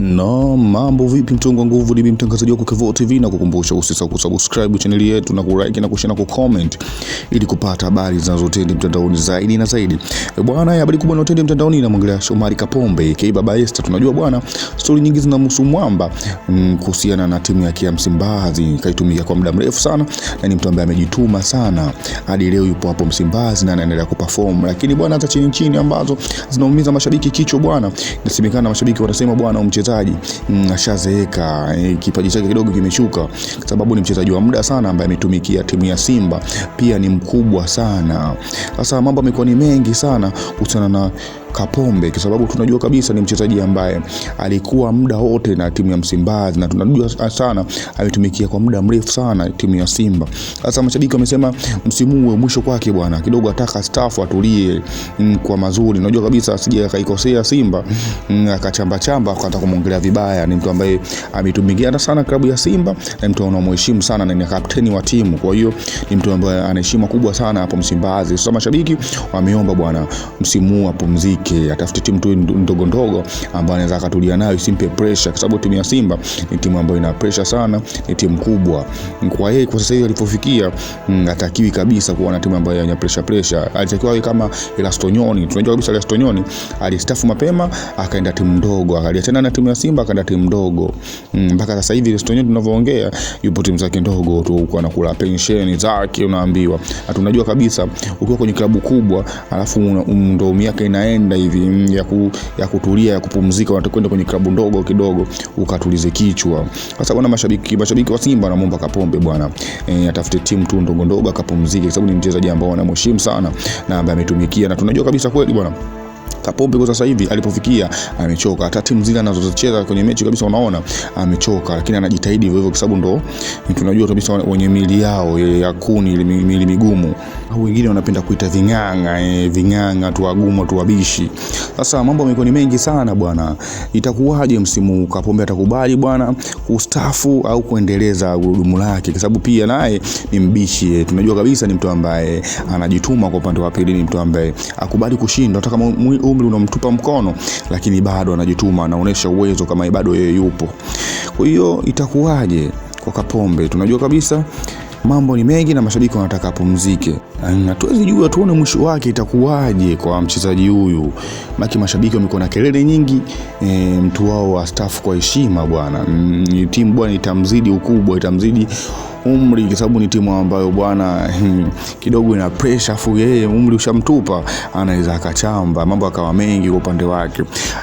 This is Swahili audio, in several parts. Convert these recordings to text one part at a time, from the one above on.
No, mambo vipi mtungu wa nguvu, ni mtangazaji wako Kevoo TV na kukumbusha usisahau kusubscribe channel yetu na kulike na kushare na kucomment ili kupata habari zinazotendi mtandaoni zaidi na zaidi. E Bwana, habari kubwa inayotendi mtandaoni inamwangalia Shomari Kapombe aka Baba Esther. Tunajua bwana, stori nyingi zinamhusu mwamba mm, kuhusiana na timu yake ya Msimbazi, kaitumikia kwa muda mrefu sana na ni mtu ambaye amejituma sana hadi leo yupo hapo Msimbazi na anaendelea kuperform, lakini bwana, hata chini chini ambazo zinaumiza mashabiki kichwa bwana, inasemekana mashabiki wanasema bwana, umcheza mchezaji mm, ashazeeka eh, kipaji chake kidogo kimeshuka, kwa sababu ni mchezaji wa muda sana ambaye ametumikia timu ya Simba, pia ni mkubwa sana. Sasa mambo yamekuwa ni mengi sana kuhusiana na Kapombe kwa sababu tunajua kabisa ni mchezaji ambaye alikuwa muda wote na timu ya Msimbazi na tunajua sana ametumikia kwa muda mrefu sana timu ya Simba. Sasa mashabiki wamesema msimu huu mwisho kwake bwana, kidogo ataka staff atulie mm, kwa mazuri. Unajua kabisa asije akaikosea Simba mm, akachamba chamba akaanza kumwongelea vibaya. Ni mtu ambaye ametumikia sana klabu ya Simba na mtu anamheshimu sana na ni kapteni wa timu, kwa hiyo ni mtu ambaye ana heshima kubwa sana hapo Msimbazi. Sasa mashabiki wameomba bwana, msimu huu apumzike pekee, atafute timu tu ndogo ndogo ambayo anaweza akatulia nayo isimpe pressure, kwa sababu timu ya Simba ni timu ambayo ina pressure sana, ni timu kubwa. Kwa yeye kwa sasa hivi alipofikia, mm, hatakiwi kabisa kuwa na timu ambayo ina pressure pressure. Alitakiwa awe kama Elastonyoni. Tunajua kabisa Elastonyoni alistafu mapema akaenda timu ndogo, akaja tena na timu ya Simba akaenda timu ndogo. Mm, mpaka sasa hivi Elastonyoni tunavyoongea yupo timu zake ndogo tu, huko, anakula pensheni zake unaambiwa. Tunajua kabisa ukiwa kwenye klabu kubwa alafu ndo miaka inaenda hivi ya, ku, ya kutulia ya kupumzika, unatakwenda kwenye klabu ndogo kidogo ukatulize kichwa. Sasa kuna mashabiki mashabiki wa Simba wanamuomba Kapombe bwana e, atafute timu tu ndogo ndogo akapumzike, kwa sababu ni mchezaji ambao wanamheshimu sana na ambaye ametumikia na tunajua kabisa kweli bwana Kapombe kwa sasa hivi alipofikia amechoka. Hata timu zile anazocheza kwenye mechi kabisa unaona amechoka, lakini anajitahidi hivyo hivyo, kwa sababu ndo tunajua kabisa wenye mili yao ya kuni, ile mili migumu au wengine wanapenda kuita ving'ang'a eh, ving'ang'a tu wagumo tu wabishi. Sasa mambo yamekuwa ni mengi sana bwana, itakuwaje msimu Kapombe atakubali bwana kustafu au kuendeleza gurudumu lake? Kwa sababu pia naye ni mbishi, eh, tunajua kabisa ni mtu ambaye anajituma kwa upande wa pili, ni mtu ambaye akubali kushindwa, hata kama umri unamtupa mkono, lakini bado anajituma, anaonesha uwezo kama bado yeye yupo. Kwa hiyo itakuwaje kwa Kapombe? Tunajua kabisa mambo ni mengi na mashabiki wanataka apumzike, na yaani, tuwezi jua, tuone mwisho wake itakuwaje kwa mchezaji huyu. Maki mashabiki wamekuwa na kelele nyingi e, mtu wao wa staff kwa heshima bwana, mm, timu bwana itamzidi ukubwa, itamzidi umri, kwa sababu ni timu ambayo bwana hmm, kidogo ina pressure, afu yeye umri ushamtupa, anaweza akachamba mambo akawa mengi kwa upande wake.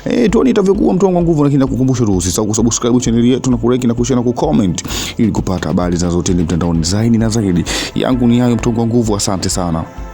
Eh, tuone itavyokuwa mtu wangu nguvu, lakini nakukumbusha tu usisahau kusubscribe channel yetu na kulike na kushare na kucomment ili kupata habari zinazotendeka mtandaoni zaidi na zaidi. Yangu ni hayo mtu wangu nguvu, asante sana.